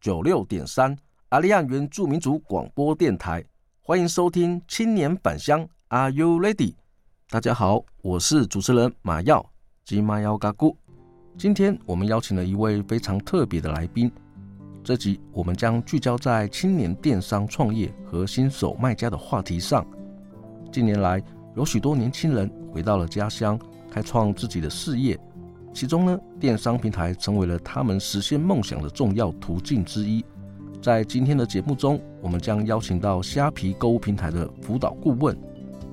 九六點三，阿利安原住民族廣播電臺，歡迎收聽《青年返鄉》，Are you ready？大家好，我是主持人馬耀，吉馬耀嘎咕。今天我們邀請了一位非常特別的來賓，這集我們將聚焦在青年電商創業和新手賣家的話題上。近年來，有許多年輕人回到了家鄉，開創自己的事業。其中呢，電商平台成為了他們實現夢想的重要途徑之一。在今天的節目中，我們將邀請到蝦皮購物平台的輔導顧問，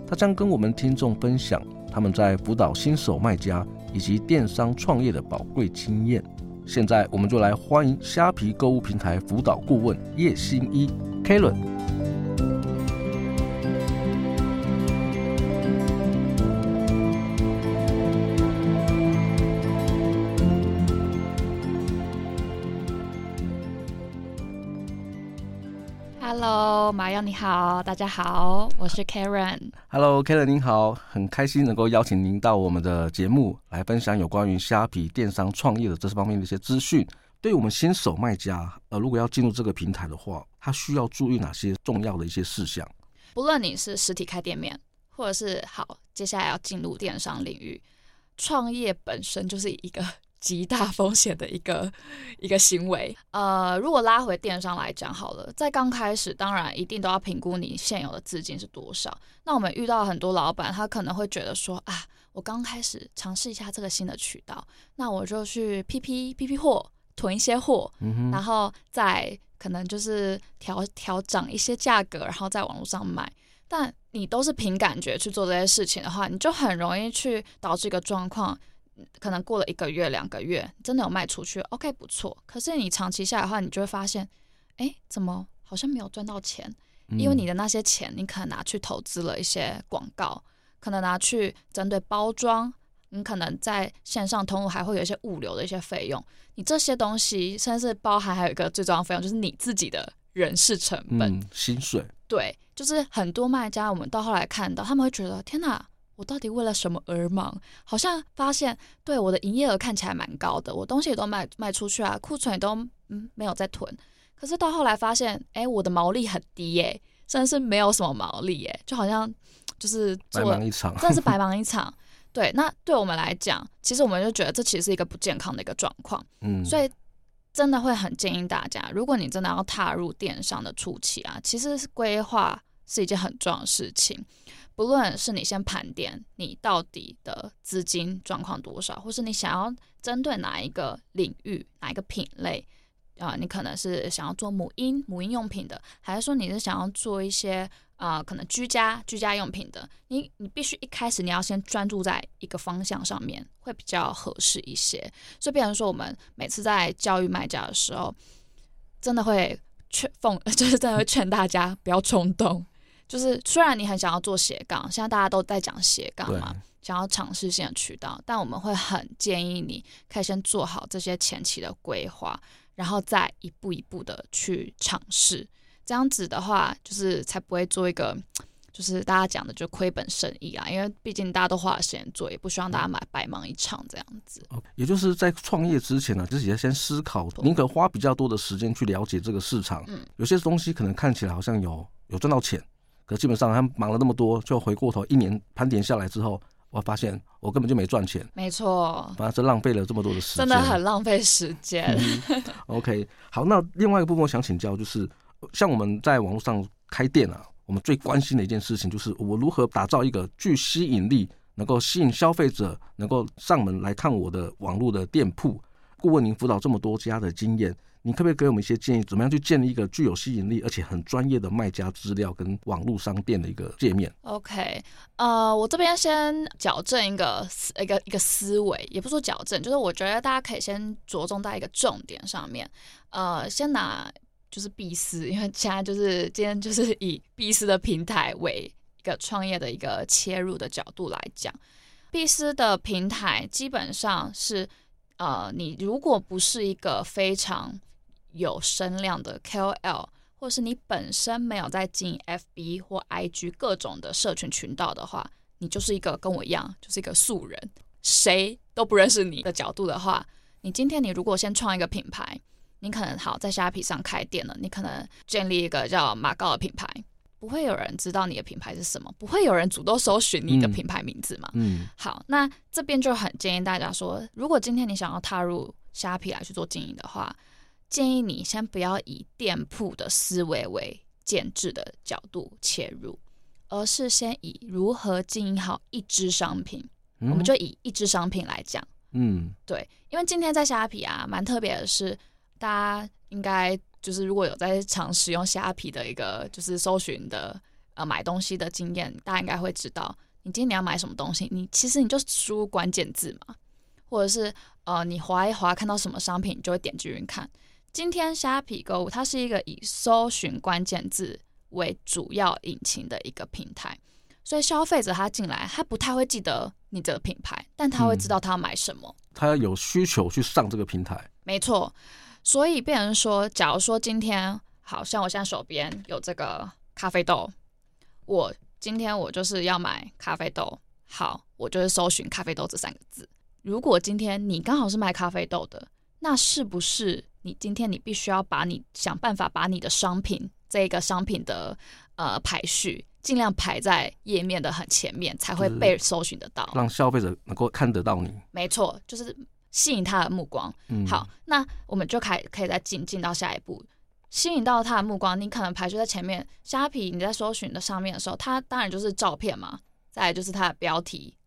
他將跟我們聽眾分享他們在輔導新手賣家以及電商創業的寶貴經驗。現在，我們就來歡迎蝦皮購物平台輔導顧問葉新一，Karen。K 嗨，你好，大家好，我是 Hello, Karen。Hello，Karen，您好，很開心能夠邀請您到我們的節目來分享有關於蝦皮電商創業的這方面的一些資訊。對於我們新手賣家，呃，如果要進入這個平台的話，他需要注意哪些重要的一些事項？不論你是實體開店面，或者是好，接下來要進入電商領域，創業本身就是一個。極大風險的一個一個行為。呃，如果拉回電商來講好了，在剛開始，當然一定都要評估你現有的資金是多少。那我們遇到很多老板，他可能會覺得說啊，我剛開始嘗試一下這個新的渠道，那我就去批批批批貨，囤一些貨。嗯哼，然後再可能就是調調整一些價格，然後在網絡上賣。但你都是憑感覺去做這些事情的話，你就很容易去導致一個狀況。可能過了一個月、兩個月，真的有賣出去，OK，不錯。可是你長期下來的話，你就會發現，哎、欸，怎麼好像沒有賺到錢？因為你的那些錢，你可能拿去投資了一些廣告，嗯、可能拿去針對包裝，你可能在線上通路還會有一些物流的一些費用。你這些東西，甚至包含還有一個最重要的費用，就是你自己的人事成本、嗯、薪水。對，就是很多賣家，我們到後來看到，他們會覺得，天哪！我到底為了什麼而忙？好像發現，對我的營業額看起來蠻高的，我東西也都賣賣出去啊，庫存也都嗯沒有在囤。可是到後來發現，哎，我的毛利很低耶，真的是沒有什麼毛利耶，就好像就是做了，白忙一場。真的是白忙一場。 對，那對我們來講，其實我們就覺得這其實是一個不健康的一個狀況。嗯，所以真的會很建議大家，如果你真的要踏入電商的初期啊，其實是規劃。是一件很重要的事情，不論是你先盤點你到底的資金狀況多少，或是你想要針對哪一個領域、哪一個品類，啊、呃，你可能是想要做母嬰、母嬰用品的，還是說你是想要做一些啊、呃，可能居家、居家用品的，你你必須一開始你要先專注在一個方向上面，會比較合適一些。所以，變成說我們每次在教育賣家的時候，真的會勸奉，就是真的會勸大家不要衝動。就是雖然你很想要做斜槓，現在大家都在講斜槓嘛，對想要嘗試新的渠道，但我們會很建議你可以先做好這些前期的規劃，然後再一步一步的去嘗試。這樣子的話，就是才不會做一個就是大家講的就虧本生意啊，因為畢竟大家都花了時間做，也不希望大家買白忙一場這樣子、嗯。也就是在創業之前呢、啊，自己要先思考，對寧可花比較多的時間去了解這個市場。嗯，有些東西可能看起來好像有有賺到錢。可基本上，他們忙了那麼多，就回過頭一年盤點下來之後，我發現我根本就沒賺錢。沒錯，反正浪費了這麼多的時間，真的很浪費時間。嗯。OK，好，那另外一個部分我想請教，就是像我們在網絡上開店啊，我們最關心的一件事情就是我如何打造一個具吸引力，能夠吸引消費者能夠上門來看我的網絡的店鋪。顧問，您輔導這麼多家的經驗，你可不可以給我們一些建議，怎麼樣去建立一個具有吸引力而且很專業的賣家資料跟網絡商店的一個界面？OK，呃，我這邊先矯正一個一個一個思維，也不說矯正，就是我覺得大家可以先着重在一個重點上面，呃，先拿就是 B 斯，因為現在就是今天就是以 B 斯的平台為一個創業的一個切入的角度來講，B 斯的平台基本上是。呃，你如果不是一個非常有聲量的 KOL，或是你本身沒有在經營 FB 或 IG 各種的社群渠道的話，你就是一個跟我一樣，就是一個素人，誰都不認識你的角度的話，你今天你如果先創一個品牌，你可能好在蝦皮上開店了，你可能建立一個叫馬高的品牌。不會有人知道你的品牌是什麼，不會有人主動搜尋你的品牌名字嘛？嗯，嗯，好，那這邊就很建議大家說，如果今天你想要踏入蝦皮來去做經營的話，建議你先不要以店鋪的思維為建制的角度切入，而是先以如何經營好一支商品，嗯，我們就以一支商品來講。嗯，對，因為今天在蝦皮啊，蠻特別的是，大家應該。就是如果有在常使用蝦皮的一個就是搜尋的呃買東西的經驗，大家應該會知道，你今天你要買什麼東西，你其實你就輸入關鍵字嘛，或者是呃你劃一劃看到什麼商品，你就會點進去看。今天蝦皮購物，它是一個以搜尋關鍵字為主要引擎的一個平台，所以消費者他進來，他不太會記得你的品牌，但他會知道他要買什麼，嗯，他有需求去上這個平台，沒錯。所以變成說，假如說今天，好像我現在手邊有這個咖啡豆，我今天我就是要買咖啡豆，好，我就是搜尋咖啡豆這三個字。如果今天你剛好是賣咖啡豆的，那是不是你今天你必須要把你想辦法把你的商品這個商品的呃排序，盡量排在頁面的很前面，才會被搜尋得到，讓消費者能夠看得到你。沒錯，就是。吸引他的目光。嗯、好，那我們就開可以再進進到下一步，吸引到他的目光。你可能排除在前面蝦皮，你在搜尋的上面的時候，它當然就是照片嘛，再來就是它的標題，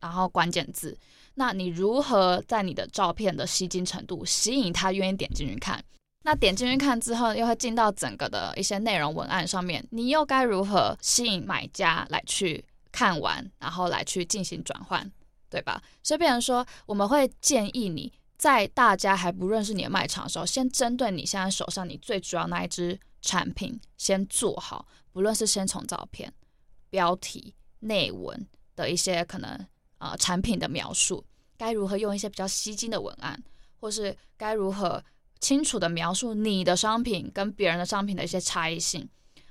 然後關鍵字。那你如何在你的照片的吸睛程度，吸引他願意點進去看？嗯、那點進去看之後，又會進到整個的一些內容文案上面，你又該如何吸引買家來去看完，然後來去進行轉換？對吧？所以別人說，我們會建議你在大家還不認識你的賣場的時候，先針對你現在手上你最主要那一支產品，先做好，不論是先從照片、標題、內文的一些可能啊、呃、產品的描述，該如何用一些比較吸睛的文案，或是該如何清楚的描述你的商品跟別人的商品的一些差異性。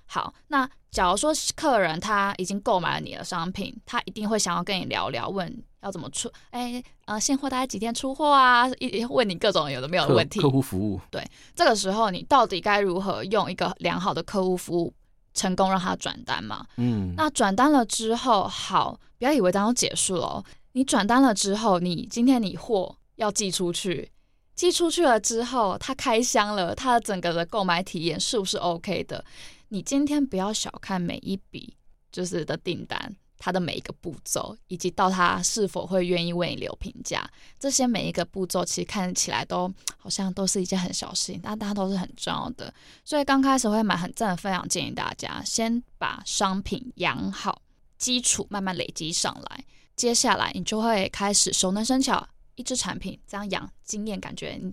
好，那假如說客人他已經購買了你的商品，他一定會想要跟你聊聊，問要怎麼出，哎，呃，現貨大概幾天出貨啊？一問你各種有的沒有的問題。客戶服務。對，這個時候你到底該如何用一個良好的客戶服務，成功讓他轉單嘛？嗯，那轉單了之後，好，不要以為單就結束了哦。你轉單了之後，你今天你貨要寄出去，寄出去了之後，他開箱了，他的整個的購買體驗是不是 OK 的？你今天不要小看每一筆就是的訂單，它的每一個步驟，以及到它是否會願意為你留評價，這些每一個步驟其實看起來都好像都是一件很小事情，但它都是很重要的。所以剛開始會買，很正的分享建議大家，先把商品養好，基礎慢慢累積上來，接下來你就會開始熟能生巧，一隻產品這樣養，經驗感覺你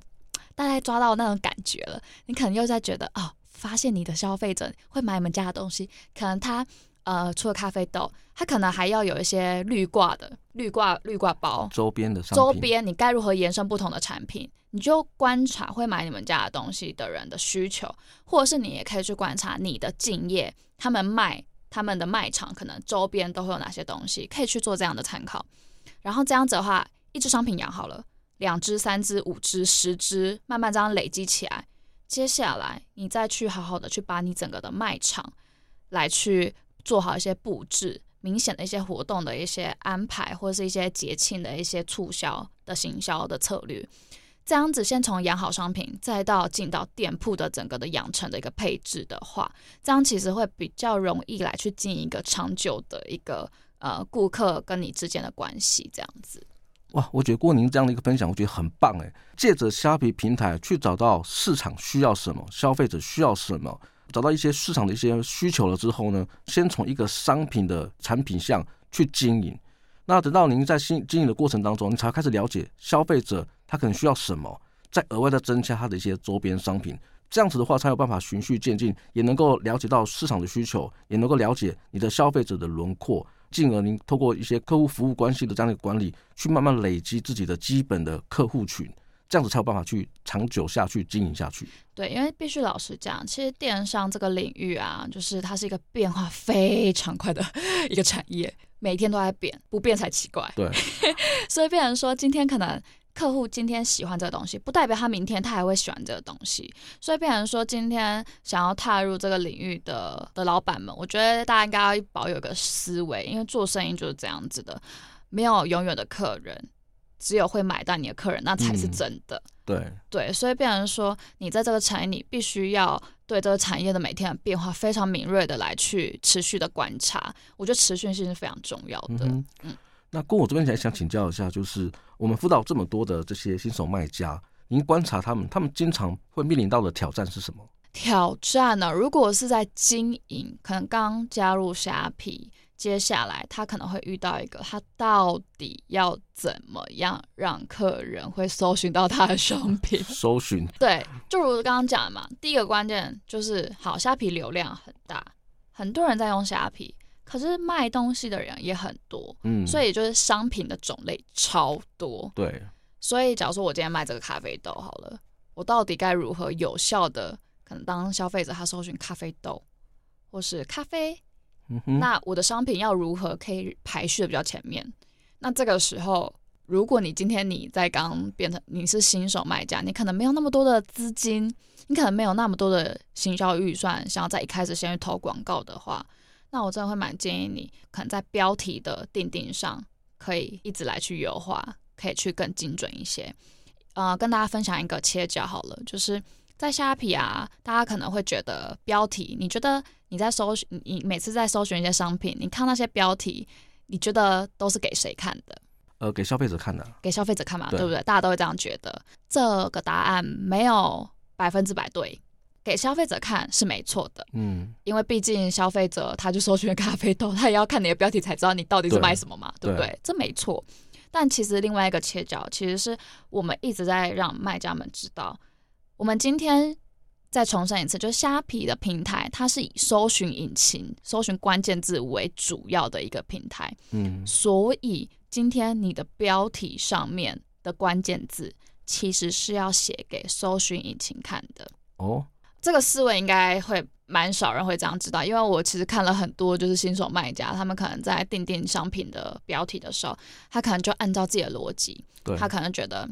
大概抓到那種感覺了，你可能又在覺得啊。哦發現你的消費者會買你們家的東西，可能他呃除了咖啡豆，他可能還要有一些綠掛的綠掛綠掛包周邊的商品、周邊，你該如何延伸不同的產品？你就觀察會買你們家的東西的人的需求，或者是你也可以去觀察你的競業，他們賣他們的賣場可能周邊都會有哪些東西，可以去做這樣的參考。然後這樣子的話，一支商品養好了，兩支、三支、五支、十支，慢慢這樣累積起來。接下來，你再去好好的去把你整個的賣場來去做好一些布置，明顯的一些活動的一些安排，或是一些節慶的一些促銷的行銷的策略。這樣子，先從養好商品，再到進到店鋪的整個的養成的一個配置的話，這樣其實會比較容易來去進一個長久的一個呃顧客跟你之間的關係，這樣子。哇，我覺得 Karen 您這樣的一個分享，我覺得很棒誒，借着蝦皮平台去找到市場需要什麼，消費者需要什麼，找到一些市場的一些需求了之後呢，先從一個商品的產品項去經營。那等到您在經經營的過程當中，你才開始了解消費者他可能需要什麼，再額外的增加他的一些周邊商品。這樣子的話，才有辦法循序漸進，也能夠了解到市場的需求，也能夠了解你的消費者的輪廓。進而您通過一些客戶服務關係的這樣的一個管理，去慢慢累積自己的基本的客戶群，這樣子才有辦法去長久下去經營下去。對，因為必須老實講，其實電商這個領域啊，就是它是一個變化非常快的一個產業，每一天都在變，不變才奇怪。對， 所以變成說今天可能。客戶今天喜歡這個東西，不代表他明天他還會喜歡這個東西。所以，變成說今天想要踏入這個領域的的老板們，我覺得大家應該要保有個思維，因為做生意就是這樣子的，沒有永遠的客人，只有會買到你的客人，那才是真的。嗯、對對，所以變成說，你在這個產業，你必須要對這個產業的每天的變化非常敏銳的來去持續的觀察。我覺得持續性是非常重要的。嗯哼嗯。那跟我這邊想想請教一下，就是。我們輔導這麼多的這些新手賣家，您觀察他們，他們經常會面臨到的挑戰是什麼？挑戰呢？如果是在經營，可能剛加入蝦皮，接下來他可能會遇到一個，他到底要怎麼樣讓客人會搜尋到他的商品？啊，搜尋？對，就如剛剛講的嘛，第一個關鍵就是好，蝦皮流量很大，很多人在用蝦皮。可是賣東西的人也很多，嗯，所以就是商品的種類超多，對。所以假如說我今天賣這個咖啡豆好了，我到底該如何有效的，可能當消費者他搜尋咖啡豆或是咖啡，嗯哼，那我的商品要如何可以排序的比較前面？那這個時候，如果你今天你在剛變成你是新手賣家，你可能沒有那麼多的資金，你可能沒有那麼多的行銷預算，想要在一開始先去投廣告的話。那我真的會蠻建議你，可能在標題的訂定上可以一直來去優化，可以去更精準一些。呃，跟大家分享一個切角好了，就是在蝦皮啊，大家可能會覺得標題，你覺得你在搜，你每次在搜尋一些商品，你看那些標題，你覺得都是給誰看的？呃，給消費者看的，啊。給消費者看嘛，對，對不對？大家都會這樣覺得。這個答案沒有百分之百對。給消費者看是沒錯的，嗯，因為畢竟消費者他就搜尋咖啡豆，他也要看你的標題才知道你到底是賣什麼嘛，對，對不對？對。這沒錯。但其實另外一個切角，其實是我們一直在讓賣家們知道，我們今天再重申一次，就是蝦皮的平台，它是以搜尋引擎、搜尋關鍵字為主要的一個平台，嗯，所以今天你的標題上面的關鍵字，其實是要寫給搜尋引擎看的，哦。這個思維應該會蠻少人會這樣知道，因為我其實看了很多就是新手賣家，他們可能在訂定商品的標題的時候，他可能就按照自己的邏輯，他可能覺得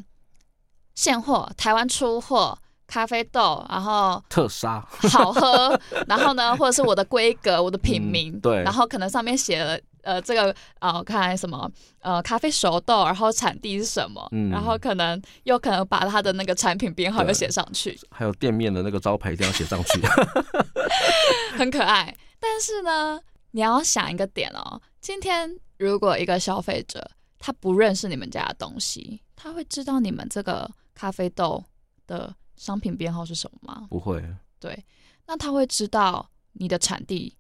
現貨台灣出貨。咖啡豆，然後特沙好喝，特殺 然後呢，或者是我的規格、 我的品名，嗯、對，然後可能上面寫了，呃，這個啊、呃，我看什麼，呃，咖啡熟豆，然後產地是什麼，嗯、然後可能又可能把它的那個產品編號又寫上去，還有店面的那個招牌一定要寫上去， 很可愛。但是呢，你要想一個點哦，今天如果一個消費者他不認識你們家的東西，他會知道你們這個咖啡豆的。商品編號是什麼嗎？不會。對，那他會知道你的產地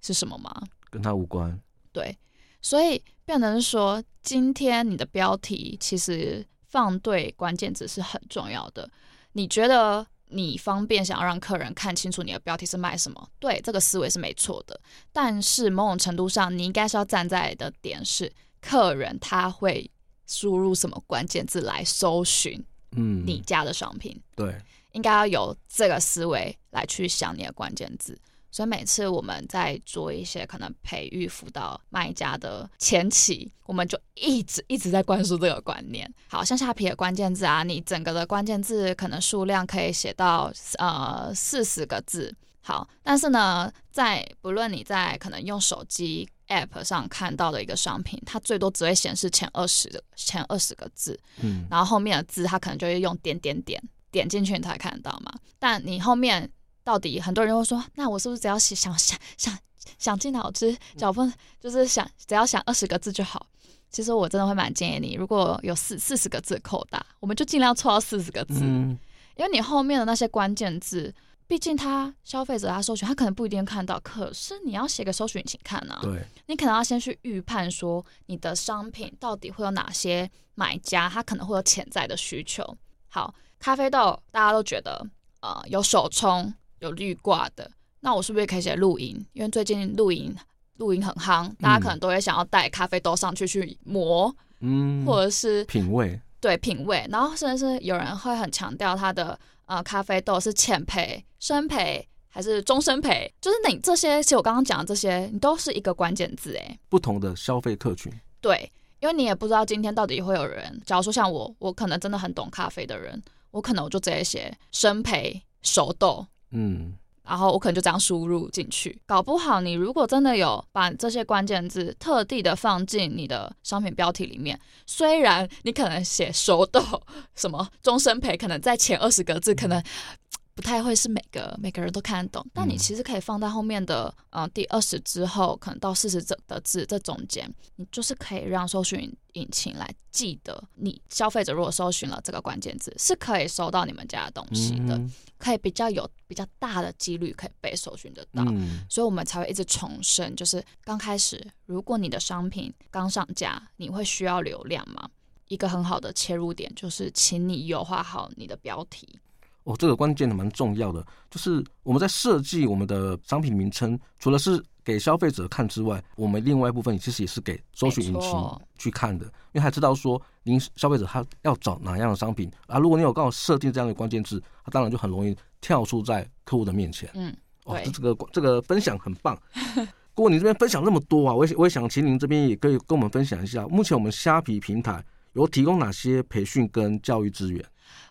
是什麼嗎？跟他無關。對，所以變成是說，今天你的標題其實放對關鍵字是很重要的。你覺得你方便想要讓客人看清楚你的標題是賣什麼？對，這個思維是沒錯的。但是某種程度上，你應該是要站在的點是，客人他會輸入什麼關鍵字來搜尋。嗯，你家的商品，嗯、對，應該要有這個思維來去想你的關鍵字。所以每次我們在做一些可能培育輔導賣家的前期，我們就一直一直在灌輸這個觀念。好，像蝦皮的關鍵字啊，你整個的關鍵字可能數量可以寫到呃四十個字。好，但是呢，在不論你在可能用手機 app 上看到的一個商品，它最多只會顯示前二十的前二十個字，嗯，然後後面的字它可能就會用點點點點進去你才看得到嘛。但你後面到底很多人會說，那我是不是只要想想想想盡腦汁腳不就是想只要想二十個字就好？其實我真的會蠻建議你，如果有四四十個字扣打，我們就盡量湊到四十個字，嗯，因為你後面的那些關鍵字。畢竟他消費者他搜尋他可能不一定看到。可是你要寫個搜索引擎看啊。對，你可能要先去預判說你的商品到底會有哪些買家，他可能會有潛在的需求。好，咖啡豆大家都覺得呃有手沖有濾掛的，那我是不是也可以寫露營？因為最近露營露營很夯，大家可能都會想要帶咖啡豆上去去磨，嗯，或者是品味，對品味，然後甚至是有人會很強調他的。啊、呃，咖啡豆是淺焙、深焙還是中深焙？就是你這些，其實我剛剛講的這些，你都是一個關鍵字，誒，不同的消費客群。對，因為你也不知道今天到底會有人，假如說像我，我可能真的很懂咖啡的人，我可能我就直接寫深焙熟豆。嗯。然後我可能就這樣輸入進去，搞不好你如果真的有把這些關鍵字特地的放進你的商品標題裡面，雖然你可能寫手抖什麼終身賠，可能在前二十個字可能。不太會是每個每個人都看得懂，但你其實可以放在後面的，呃，第二十之後，可能到四十這的字這中間，你就是可以讓搜尋引擎來記得你，消費者如果搜尋了這個關鍵字，是可以搜到你們家的東西的，嗯、哼可以比較有比較大的幾率可以被搜尋得到，嗯、所以我們才會一直重申，就是剛開始如果你的商品剛上架，你會需要流量嗎？一個很好的切入點就是，請你優化好你的標題。哦，這個關鍵蠻重要的，就是我們在設計我們的商品名稱，除了是給消費者看之外，我們另外一部分其實也是給搜尋引擎去看的，錯因為他知道說您消費者他要找哪樣的商品啊。如果你有剛好設定這樣的關鍵字，他，啊，當然就很容易跳出在客戶的面前。嗯，哦，對這個這個分享很棒。不過你這邊分享那麼多啊，我也我也想請您這邊也可以跟我們分享一下，目前我們蝦皮平台有提供哪些培訓跟教育資源？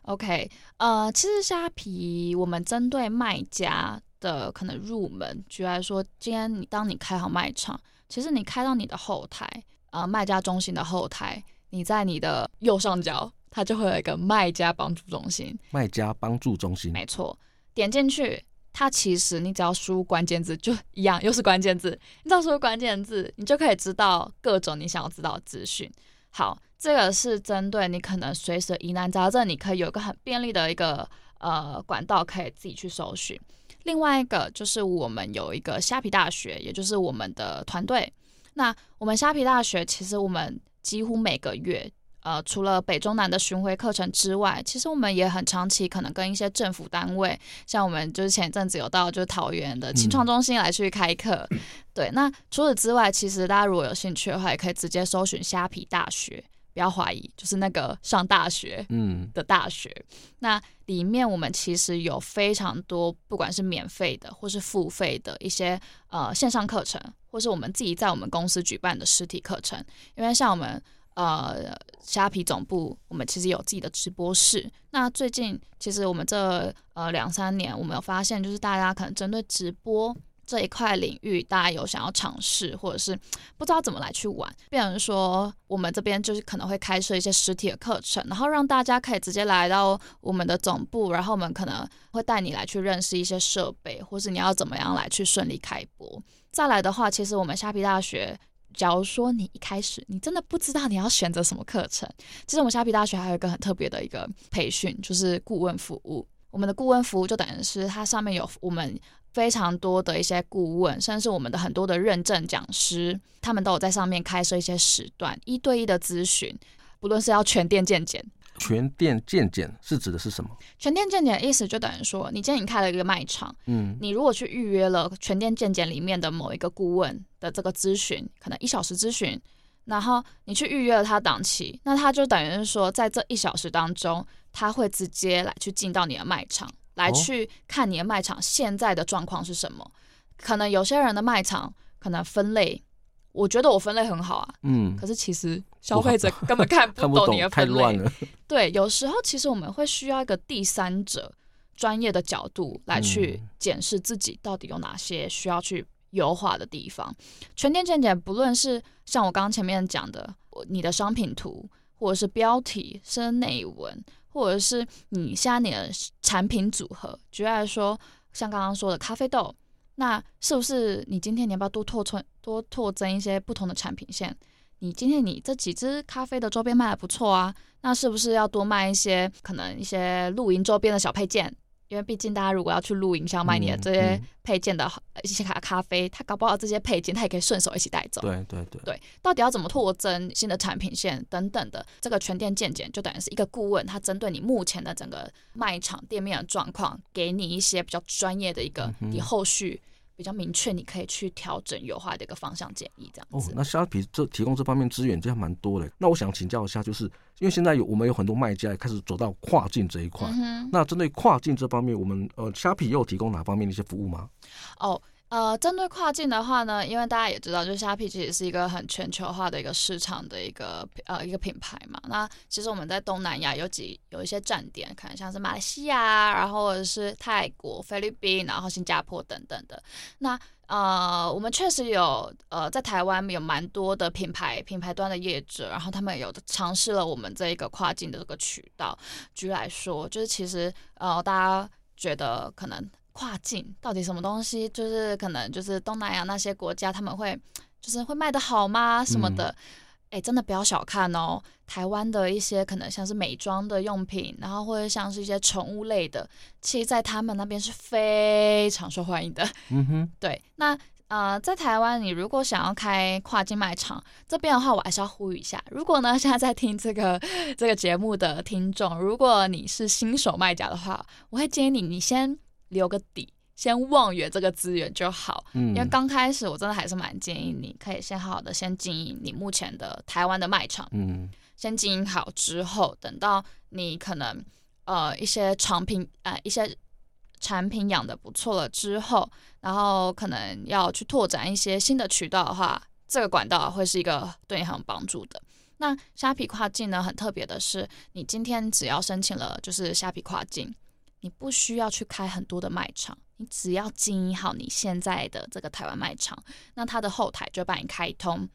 OK，呃，其實蝦皮我們針對賣家的可能入門，舉例來說，今天你當你開好賣場，其實你開到你的後台，呃，賣家中心的後台，你在你的右上角，它就會有一個賣家幫助中心。賣家幫助中心，沒錯，點進去，它其實你只要輸入關鍵字就一樣，又是關鍵字，你只要輸入關鍵字，你就可以知道各種你想要知道的資訊。好。這個是針對你可能隨時疑難雜症，你可以有個很便利的一個呃管道，可以自己去搜尋。另外一個就是我們有一個蝦皮大學，也就是我們的團隊。那我們蝦皮大學，其實我們幾乎每個月呃，除了北中南的巡迴課程之外，其實我們也很長期可能跟一些政府單位，像我們就是前陣子有到就是桃園的青創中心來去開課。嗯、對，那除此之外，其實大家如果有興趣的話，也可以直接搜尋蝦皮大學。不要懷疑，就是那個上大學，嗯，的大學，嗯、那裡面我們其實有非常多，不管是免費的或是付費的一些呃線上課程，或是我們自己在我們公司舉辦的實體課程。因為像我們呃蝦皮總部，我們其實有自己的直播室。那最近其實我們這呃兩三年，我們有發現，就是大家可能針對直播，這一塊領域，大家有想要嘗試，或者是不知道怎麼來去玩，變成說我們這邊就是可能會開設一些實體的課程，然後讓大家可以直接來到我們的總部，然後我們可能會帶你來去認識一些設備，或是你要怎麼樣來去順利開播。再來的話，其實我們蝦皮大學，假如說你一開始你真的不知道你要選擇什麼課程，其實我們蝦皮大學還有一個很特別的一個培訓，就是顧問服務。我們的顧問服務就等於是它，上面有我們。非常多的一些顧問，甚至我們的很多的認證講師，他們都有在上面開設一些時段一對一的諮詢，不論是要全店健檢。全店健檢是指的是什麼？全店健檢的意思就等於說，你今天你開了一個賣場，嗯，你如果去預約了全店健檢裡面的某一個顧問的這個諮詢，可能一小時諮詢，然後你去預約了他檔期，那他就等於說，在這一小時當中，他會直接來去進到你的賣場。來去看你的賣場現在的狀況是什麼？哦、可能有些人的賣場可能分類，我覺得我分類很好啊，嗯，可是其實消費者根本看不懂你的分類。太亂了。對，有時候其實我們會需要一個第三者專業的角度來去檢視自己到底有哪些需要去優化的地方。嗯、全店健檢，不論是像我剛剛前面講的，你的商品圖或者是標題，甚至內文。或者是你像你的產品組合，主要來說，像剛剛說的咖啡豆，那是不是你今天你要不要多拓存、多拓增一些不同的產品線？你今天你這幾支咖啡的周邊賣的不錯啊，那是不是要多賣一些可能一些露營周邊的小配件？因為畢竟大家如果要去露營要賣你的這些配件的，一些卡咖啡，嗯嗯、他搞不好這些配件他也可以順手一起帶走。對對對，對，到底要怎麼拓增新的產品線等等的，這個全店健檢就等於是一個顧問，他針對你目前的整個賣場店面的狀況，給你一些比較專業的一個、嗯、哼你後續。比較明確，你可以去調整優化的一個方向建議這樣子。哦，那蝦皮這提供這方面資源真的蠻多的。那我想請教一下，就是因為現在有我們有很多賣家也開始走到跨境這一塊。嗯哼。那針對跨境這方面，我們呃蝦皮又有提供哪方面的一些服務嗎？哦。呃，針對跨境的話呢，因為大家也知道，就是蝦皮其實是一個很全球化的一個市場的一個呃一個品牌嘛。那其實我們在東南亞有幾有一些站點，可能像是馬來西亞，然後或者是泰國、菲律賓，然後新加坡等等的。那呃，我們確實有呃在台灣有蠻多的品牌品牌端的業者，然後他們有嘗試了我們這一個跨境的這個渠道。舉來說，就是其實呃，大家覺得可能。跨境到底什麼東西？就是可能就是東南亞那些國家，他們會就是會賣得好嗎？什麼的？哎、嗯欸，真的不要小看哦。台灣的一些可能像是美妝的用品，然後或者像是一些寵物類的，其實，在他們那邊是非常受歡迎的。嗯哼。對，那呃，在台灣，你如果想要開跨境賣場這邊的話，我還是要呼籲一下。如果呢，現在在聽這個這個節目的聽眾，如果你是新手賣家的話，我會建議你，你先。留個底，先望遠這個資源就好。因為剛開始我真的還是蠻建議你可以先好好的先經營你目前的台灣的賣場。嗯，先經營好之後，等到你可能呃一些產品啊、呃，一些產品養得不錯了之後，然後可能要去拓展一些新的渠道的話，這個管道會是一個對你很有幫助的。那蝦皮跨境呢，很特別的是，你今天只要申請了就是蝦皮跨境。你不需要去開很多的賣場，你只要經營好你現在的這個台灣賣場，那他的後台就幫你開通。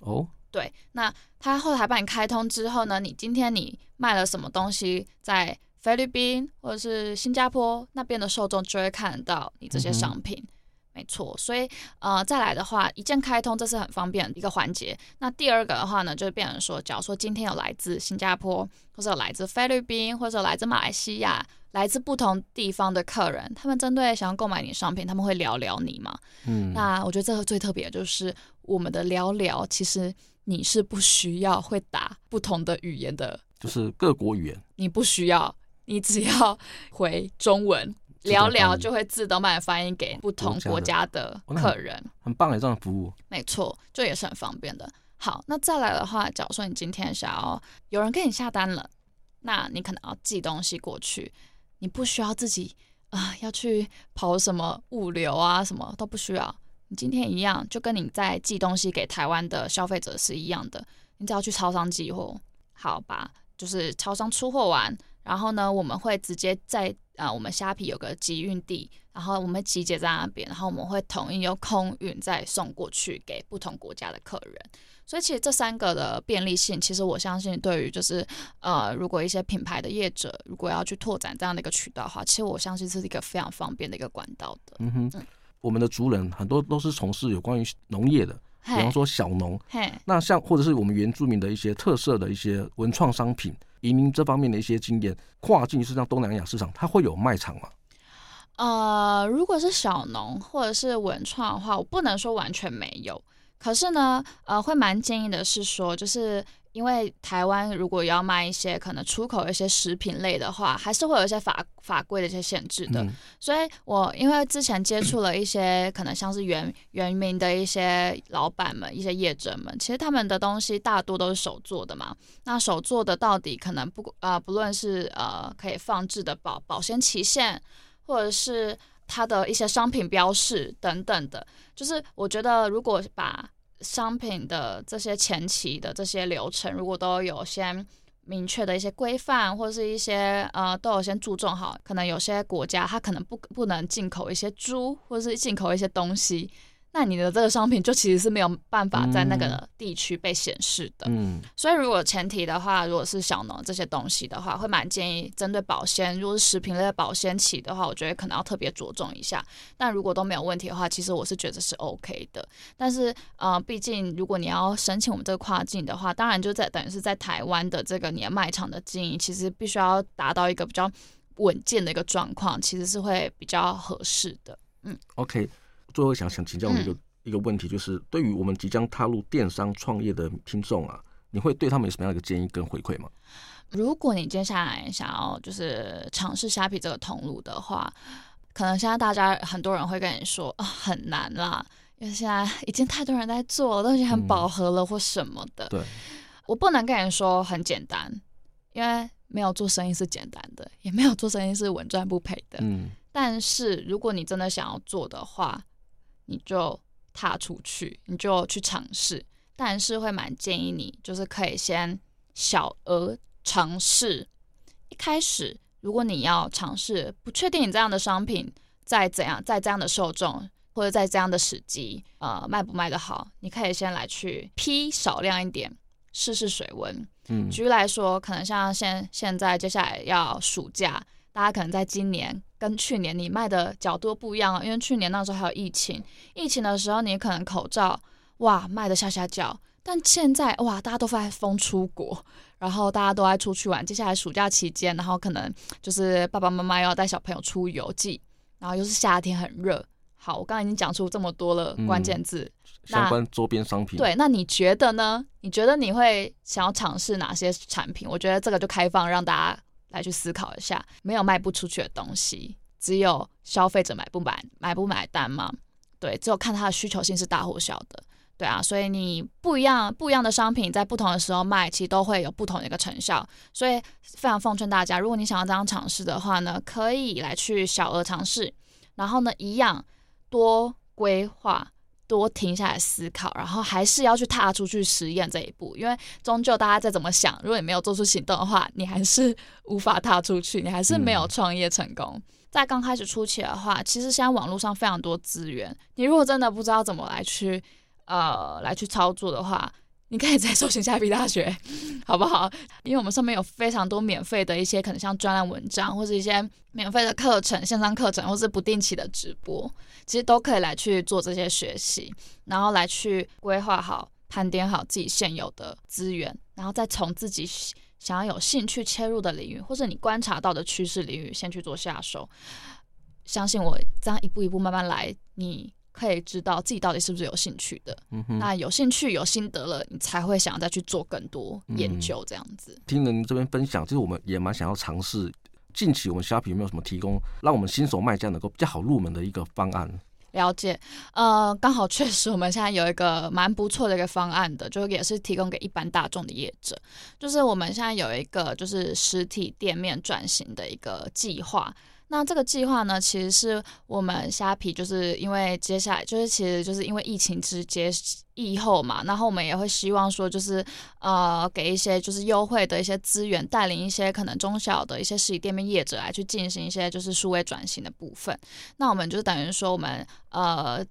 哦，對，那他後台幫你開通之後呢，你今天你賣了什麼東西，在菲律賓或者是新加坡那邊的受眾就會看到你這些商品。嗯沒錯，所以呃，再來的話，一鍵開通這是很方便的一個環節。那第二個的話呢，就變成說，假如說今天有來自新加坡，或者來自菲律賓，或者來自馬來西亞，來自不同地方的客人，他們針對想要購買你的商品，他們會聊聊你嘛。嗯，那我覺得這個最特別就是我們的聊聊，其實你是不需要會打不同的語言的，就是各國語言，你不需要，你只要回中文。聊聊就會自動把它翻譯給不同國家的客人，很棒的這樣的服務，沒錯，就也是很方便的。好，那再來的話，假如說你今天想要有人給你下單了，那你可能要寄東西過去，你不需要自己啊、呃、要去跑什麼物流啊，什麼都不需要。你今天一樣，就跟你在寄東西給台灣的消費者是一樣的，你只要去超商寄貨，好吧，就是超商出貨完。然後呢，我們會直接在啊、呃，我們蝦皮有個集運地，然後我們集結在那邊，然後我們會統一用空運再送過去給不同國家的客人。所以其實這三個的便利性，其實我相信對於就是呃，如果一些品牌的業者如果要去拓展這樣的一個渠道的話，其實我相信是一個非常方便的一個管道的。嗯哼，嗯，我們的族人很多都是從事有關於農業的，比方說小農，嘿那像或者是我們原住民的一些特色的一些文創商品。移民這方面的一些經驗，跨境市場、東南亞市場，它會有賣場嗎？呃，如果是小農或者是文創的話，我不能說完全沒有，可是呢，呃，會蠻建議的是說，就是。因為台灣如果要賣一些可能出口一些食品類的話，還是會有一些法法規的一些限制的。嗯、所以，我因為之前接觸了一些可能像是原原民的一些老板們、一些業者們，其實他們的東西大多都是手做的嘛。那手做的到底可能不呃，不論是呃可以放置的保保鮮期限，或者是它的一些商品標示等等的，就是我覺得如果把商品的這些前期的這些流程，如果都有先明確的一些規範，或者是一些呃都有先注重好，可能有些國家它可能不不能進口一些豬，或是進口一些東西。那你的這個商品就其實是沒有辦法在那個地區被顯示的，嗯，嗯，所以如果前提的話，如果是小農這些東西的話，會蠻建議針對保鮮，如果是食品類的保鮮期的話，我覺得可能要特別着重一下。但如果都沒有問題的話，其實我是覺得是 OK 的。但是，呃，畢竟如果你要申請我們這個跨境的話，當然就在等於是在台灣的這個你的賣場的經營，其實必須要達到一個比較穩健的一個狀況，其實是會比較合適的，嗯，OK。最後想想請教你一個、嗯、一個問題，就是對於我們即將踏入電商創業的聽眾啊，你會對他們有什麼樣的一個建議跟回饋嗎？如果你接下來想要就是嘗試蝦皮這個通路的話，可能現在大家很多人會跟你說啊、哦、很難啦，因為現在已經太多人在做了，都已經很飽和了或什麼的。嗯、對，我不能跟你說很簡單，因為沒有做生意是簡單的，也沒有做生意是穩賺不賠的。嗯，但是如果你真的想要做的話，你就踏出去，你就去嘗試，但是會蠻建議你，就是可以先小額嘗試。一開始，如果你要嘗試，不確定你這樣的商品在怎樣，在這樣的受眾或者在這樣的時機，呃，賣不賣得好，你可以先來去批少量一點，試試水溫。嗯，舉例來說，可能像現現在接下來要暑假。大家可能在今年跟去年你賣的角度不一樣啊，因為去年那時候還有疫情，疫情的時候你可能口罩哇賣的嚇嚇叫，但現在哇大家都發瘋出國，然後大家都愛出去玩，接下來暑假期間，然後可能就是爸爸媽媽要帶小朋友出遊季，然後又是夏天很熱，好，我剛剛已經講出這麼多了關鍵字，嗯、那相關周邊商品。對，那你覺得呢？你覺得你會想要嘗試哪些產品？我覺得這個就開放讓大家。來去思考一下，沒有賣不出去的東西，只有消費者買不買、買不買單嘛？對，只有看它的需求性是大或小的，對啊。所以你不一樣不一樣的商品在不同的時候賣，其實都會有不同的一個成效。所以非常奉勸大家，如果你想要這樣嘗試的話呢，可以來去小額嘗試，然後呢，一樣多規劃，多停下來思考，然後還是要去踏出去實驗這一步，因為終究大家再怎麼想，如果你沒有做出行動的話，你還是無法踏出去，你還是沒有創業成功。嗯。在剛開始初期的話，其實現在網絡上非常多資源，你如果真的不知道怎麼來去呃來去操作的話。你可以再搜尋蝦皮大學，好不好？因為我們上面有非常多免費的一些，可能像專欄文章，或者一些免費的課程、線上課程，或是不定期的直播，其實都可以來去做這些學習，然後來去規劃好、盤點好自己現有的資源，然後再從自己想要有興趣切入的領域，或是你觀察到的趨勢領域，先去做下手。相信我，這樣一步一步慢慢來，你可以知道自己到底是不是有興趣的，嗯、哼那有興趣有心得了，你才會想要再去做更多研究這樣子。嗯、聽了您這邊分享，其實我們也蠻想要嘗試。近期我們蝦皮有沒有什麼提供，讓我們新手賣家能夠比較好入門的一個方案？了解，呃，剛好確實我們現在有一個蠻不錯的一個方案的，就是也是提供給一般大眾的業者，就是我們現在有一個就是實體店面轉型的一個計劃。那這個計劃呢，其實是我們蝦皮，就是因為接下來就是其實就是因為疫情之結疫後嘛，然後我們也會希望說，就是呃，給一些就是優惠的一些資源，帶領一些可能中小的一些實體店面業者來去進行一些就是數位轉型的部分。那我們就等於說，我們呃。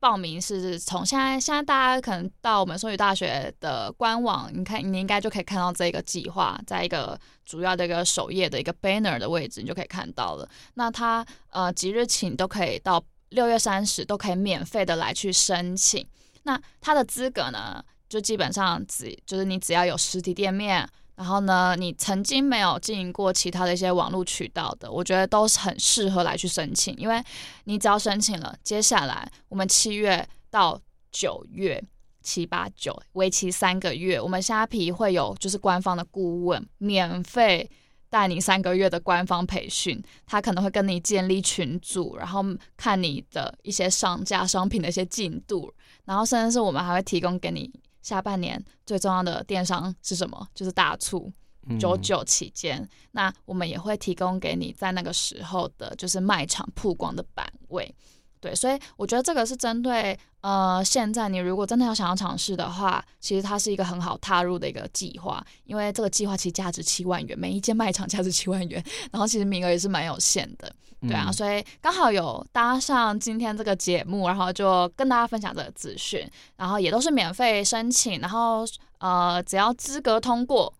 報名是從現在，現在大家可能到我們蝦皮大學的官網，你看你應該就可以看到這個計劃，在一個主要的一個首頁的一個 banner 的位置，你就可以看到了。那它呃即日起都可以到六月三十都可以免費的來去申請。那它的資格呢，就基本上只就是你只要有實體店面，然後呢，你曾經沒有經營過其他的一些網絡渠道的，我覺得都是很適合來去申請，因為你只要申請了，接下來我們七月到九月七八九，7, 8, 9, 為期三個月，我們蝦皮會有就是官方的顧問免費帶你三個月的官方培訓，他可能會跟你建立群組，然後看你的一些上架商品的一些進度，然後甚至是我們還會提供給你。下半年最重要的電商是什麼？就是大促九九期間，嗯，那我們也會提供給你在那個時候的，就是賣場曝光的版位。對，所以我覺得這個是針對呃，現在你如果真的要想要嘗試的話，其實它是一個很好踏入的一個計劃，因為這個計劃其實價值七萬元，每一間賣場價值七萬元，然後其實名額也是蠻有限的，嗯、對啊，所以剛好有搭上今天這個節目，然後就跟大家分享這個資訊，然後也都是免費申請，然後呃，只要資格通過，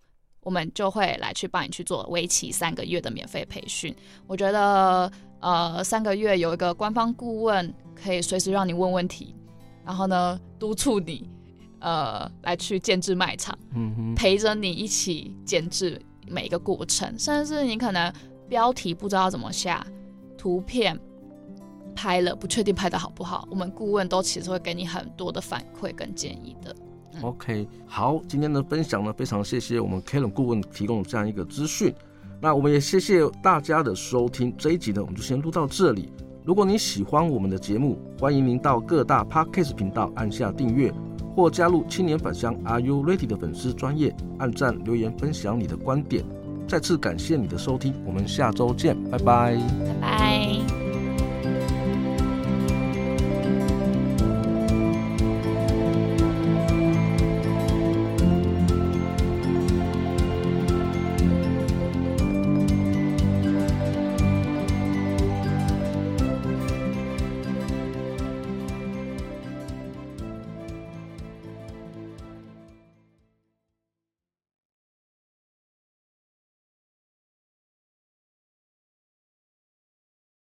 我們就會來去幫你去做為期三個月的免費培訓，我覺得。呃，三個月有一個官方顧問可以隨時讓你問問題，然後呢，督促你，呃，來去建制賣場，嗯、哼陪着你一起建制每一個過程，甚至你可能標題不知道怎麼下，圖片拍了不確定拍的好不好，我們顧問都其實會給你很多的反饋跟建議的。嗯、OK，好，今天的分享呢，非常謝謝我們 Karen 顧問提供這樣一個資訊。那我們也謝謝大家的收聽，這一集呢，我們就先錄到這裡。如果你喜歡我們的節目，歡迎您到各大 Podcast 頻道按下訂閱，或加入青年返鄉 Are You Ready 的粉絲專頁，按讚留言分享你的觀點。再次感謝你的收聽，我們下周見，拜拜，拜拜。